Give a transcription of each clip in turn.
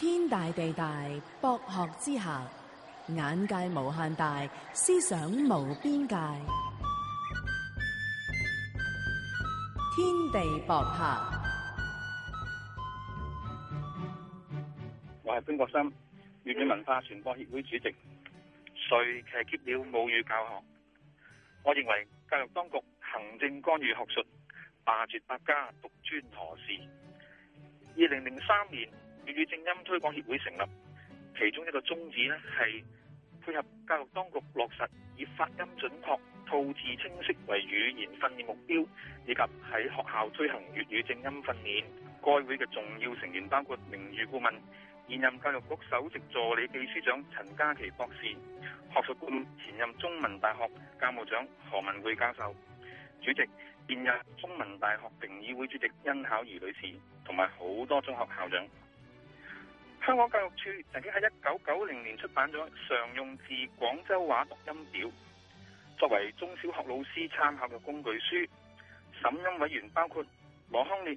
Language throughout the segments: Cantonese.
天大地大，博學之下，眼界無限大，思想無邊界。天地博、嗯、客，我係潘國森，粵語文化傳播協會主席。誰騎劫了母語教學？我認為教育當局行政干預學術，霸絕百家，獨尊何事？二零零三年。粵語正音推廣協會成立，其中一個宗旨咧係配合教育當局落實以發音準確、吐字清晰為語言訓練目標，以及喺學校推行粵語正音訓練。該會嘅重要成員包括名譽顧問、現任教育局首席助理秘書長陳嘉琪博士、學術顧問、前任中文大學教務長何文匯教授、主席現任中文大學評議會主席殷巧兒女士，同埋好多中學校長。香港教育署曾經喺一九九零年出版咗《常用字廣州話讀音表》，作為中小學老師參考嘅工具書。審音委員包括羅康烈、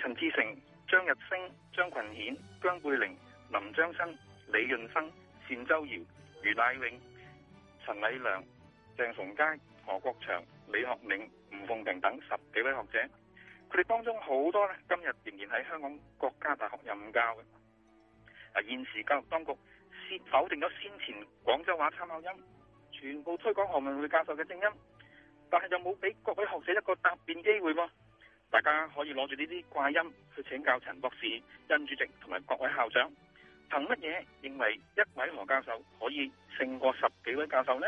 陳志成、張日升、張群顯、姜佩玲、林張生、李潤生、單周堯、余乃永、陳禮良、鄭崇佳、何國祥、李學銘、吳鳳平等十幾位學者。佢哋當中好多呢，今日仍然喺香港國家大學任教嘅。現時教育當局先否定咗先前廣州話參考音，全部推廣何文匯教授嘅正音，但係又冇俾各位學者一個答辯機會喎。大家可以攞住呢啲怪音去請教陳博士、殷主席同埋各位校長，憑乜嘢認為一位何教授可以勝過十幾位教授呢？